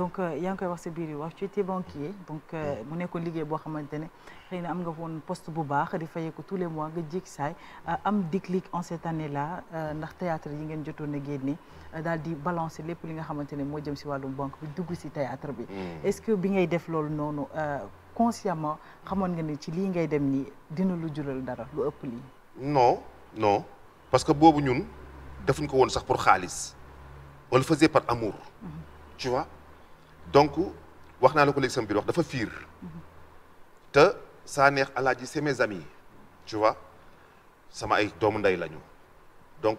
donc euh, yaa ngi koy wax sa biir yi wax tu étais banquier donc euh, mu nekkoon liggéey boo xamante ne xëy na am nga woon post bu baax di fayee ko tous les mois nga jékki saay euh, am déclic en cette année là ndax théâtre yi ngeen jotoon a génne daal di balancer lépp li nga xamante ne moo jëm si wàllum banque bi dugg si théâtre bi. Mm. est-ce que bi ngay def loolu noonu consciemment xamoon nga ne ci lii ngay dem nii dina lu jural dara lu ëpp lii. non non parce que boobu ñun defuñ ko woon sax pour xaalis on le donc wax naa la ko léegi sama biir wax dafa fiir te saa neex alaaji c'est mes amis tu vois sama ay doomu ndey lañu donc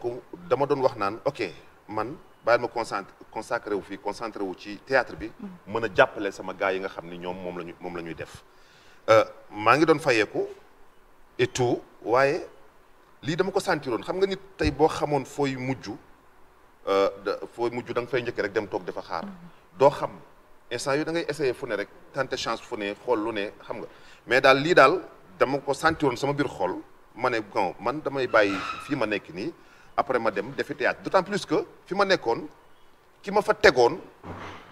dama doon wax naan ok man bàyyil ma concentré consacré wu fii concentré wu ci théâtre bi mën a jàppale sama gars yi nga xam ni ñoom moom lañu moom la ñuy def euh, maa ngi doon fayeeku et waaye lii dama ko sentiroon xam nga nit tey boo xamoon fooy mujj euh, fooy mujj danga nga fay njëkk rek dem toog dafa xaar doo xam instant yu da ngay essayer fu ne rek tenter chance fu ne xool lu ne xam nga mais daal lii daal dama ko sentiroon sama biir xool ma ne bon man damay bàyyi fii ma nekk nii après ma dem defi théâtre d'autant plus que fi ma nekkoon ki ma fa tegoon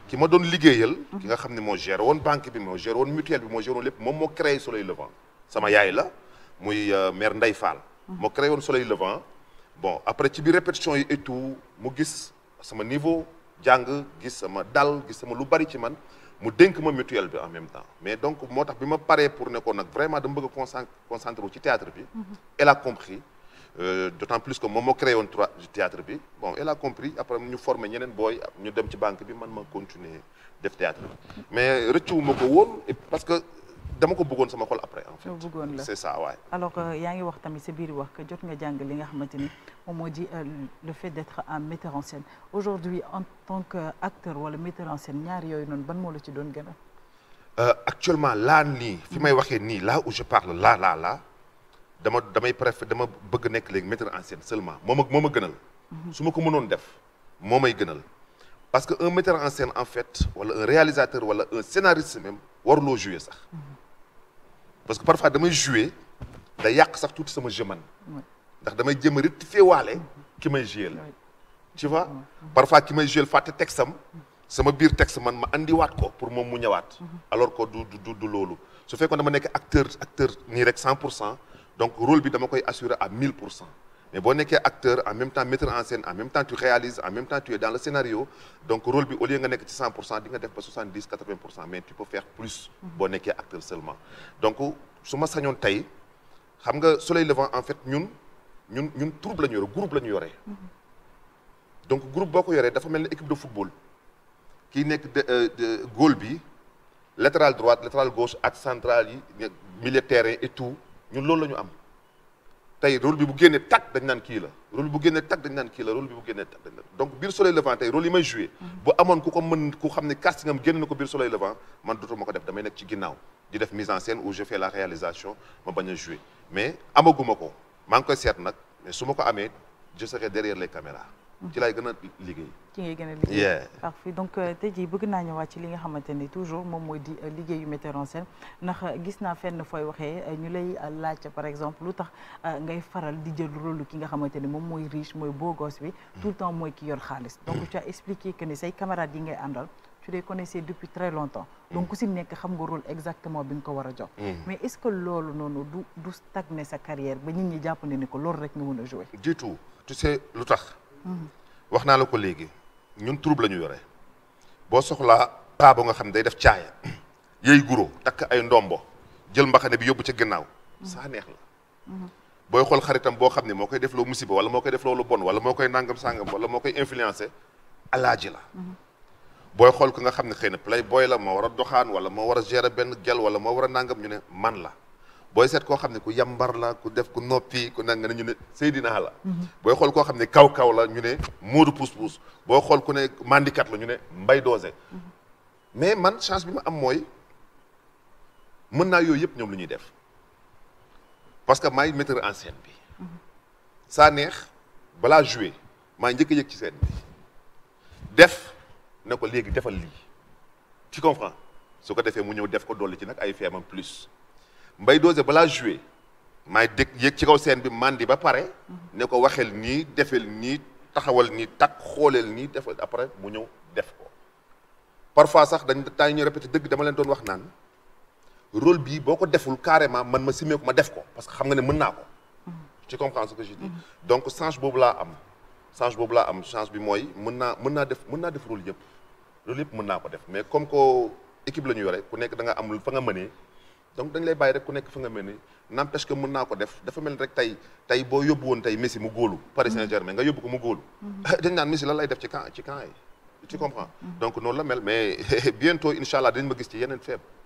ki ma doon liggéeyal ki nga xam ne moo gere woon banque bi moo géré woon mutuelle bi moo géré woon lépp moom moo créé Soleil Levant sama yaay la muy euh, mère Ndeye Fall moo créé woon Soleil Levant bon après ci biir répétition yi et tout mu gis sama niveau jàng gis sama dal gis sama lu bari ci man mu dénk ma mutuelle bi en même temps mais donc moo tax bi ma paree pour ne ko nag vraiment dama bëgg a concentré concentré ci théâtre bi. Mm-hmm. elle a compris euh, d'autant plus que moom moo créé woon théâtre bi bon elle a compris après ñu formé ñeneen booy ñu dem ci banque bi man ma continuer def théâtre bi mais rëccuwuma ko woon parce que. dama ko bëggoon sama xol après en fait bëggoon la c'est ça waay euh, yaa ngi wax tamit sa biir wax que jot nga jàng li nga xamante ni moom moo di euh, le fait d'être un metteur en scène aujourd'hui en tant que euh, acteur wala metteur en scène ñaar yooyu noonu ban moo la ci doon gën actuellement laa nii fi may waxee nii là où je parle là là là dama damay préfère dama bëgg nekk léegi metteur en scène seulement moom ak moo ma gënal mhm. su ma ko mënoon def moo may gënal parce que un metteur en scène en fait wala un wala un scénariste waruloo jouer sax parce que parfois damay jouer da yàq sax tuuti sama jeu man ndax damay jéem a rectifier ki may jouer la tu vois mm-hmm. parfois ki may jouer fàtte texam sama biir texte man ma andiwaat ko pour moom mu ñëwaat mm-hmm. alors ko du du loolu su fekkoon dama nekk acteur acteur nii rek cent pour cent donc rôle bi dama koy assurer à mille pour cent mais boo nekkee acteur en même temps metteur en scène en même temps tu réalises en même temps tu es dans le scénario donc rôle bi au lieu nga nekk ci 100 pour cent di nga def ba 70 80 pour cent mais tu peux faire plus boo nekkee acteur seulement donc su ma sañoon tey xam nga soleil levant en fait ñun ñun ñun troupe la ñu yore groupe la ñu yore donc groupe boo ko yoree dafa mel ni équipe de football kii nekk de euh, bi latéral droite latéral ak central yi milieu et tout ñun loolu la ñu am tey rôle bi bu génnee tag dañ naan kii la rôle bi bu génnee tag dañ naan kii la rôle bi bu génnee tag dañ naan donc biir soleil levant tey rôle yi may joué bu amoon ku ko mën ku xam ne casting am génn na ko biir soleil levant man dootuma ko def damay nekk ci ginnaaw di def mise en scène où je fais la réalisation ma bañ a joué mais amaguma ko maa ngi koy seet nag mais su ma ko amee je serai derrière les caméras ci laay gën a liggéey. ci ngay gën a donc euh, te jii bëgg naa ñëwaat ci li nga xamante ni toujours moom mooy di euh, liggéeyu metteur en scène ndax euh, gis naa fenn fooy waxee ñu lay laaj par exemple lu tax ngay faral di jël rôle ki nga xamante ni moom mooy riche mooy beau gosse bi. Hmm. tout temps mooy ki yor xaalis. donc tu as expliqué ni say camarades yi ngay àndal. tu les connaissais depuis très longtemps. Hmm. donc ku nekk xam nga rôle exactement bi nga ko war a jox. Hmm. mais est-ce que loolu noonu du du stagner sa carrière ba nit ñi jàpp ne ni ko loolu rek nga mën a jouer. du tout tu wax naa la ko léegi ñun troupe la ñu yore boo soxlaa paa bu nga xam ne day def caaya yey guro takk ay ndombo jël mbaxane bi yóbbu ci ginnaaw saa neex la booy xool xaritam boo xam ne moo koy def loo musiba wala moo koy def loolu bon wala moo koy nangam sàngam wala moo koy influencé alaaji la booy xool ko nga xam ne xëy na play booy la moo war a doxaan wala moo war a gérer benn gel wala moo war a nangam ñu ne man la booy seet koo xam ne ku yambar la ku def ku noppi ku nang nga ne ñu ne Seydina la booy xool koo xam ne kaw-kaw la ñu ne Moodu Pousse-Pousse boo xool ku ne mandikat la ñu ne Mbay Doose mais man chance bi ma am mooy mën naa yooyu yëpp ñoom lu ñuy def parce que may metteur en scène bi saa neex balaa jouer maa njëkk a yëg ci scène bi def ne ko léegi defal lii tu comprends su ko defee mu ñëw def ko dolli ci nag ay feemam plus Mbaye Dozé balaa joué maay dégg yéeg ci kaw seen bi mandi ba pare. ne ko waxeel nii defeel nii taxawal nii takk xooleel nii defal après mu ñëw def ko. parfois sax dañ daañu ñu répété dëgg dama leen doon wax naan rôle bii boo ko deful carrément man ma simmee ko ma def ko parce que xam nga ne mën naa ko. ci comprends ce que je donc change boobu laa am. change boobu laa am change bi mooy mën naa mën naa def mën naa def rôle yëpp. loolu yëpp mën naa ko def mais comme ko équipe la ñu yore ku nekk da nga fa nga mënee. donc dañ lay bàyyi rek ku nekk fa nga mel ni n'empêche que mën naa ko def dafa mel ni rek tey tey boo yóbbu woon tey Messi mu góolu Paris mm-hmm. Saint-Germain nga yóbbu ko mu góolu mm-hmm. dañ naan Messi lan lay def ci camp ci camp yi tu comprends mm-hmm. donc noonu la mel mais bientôt incha allah dañ ma gis ci yeneen feeb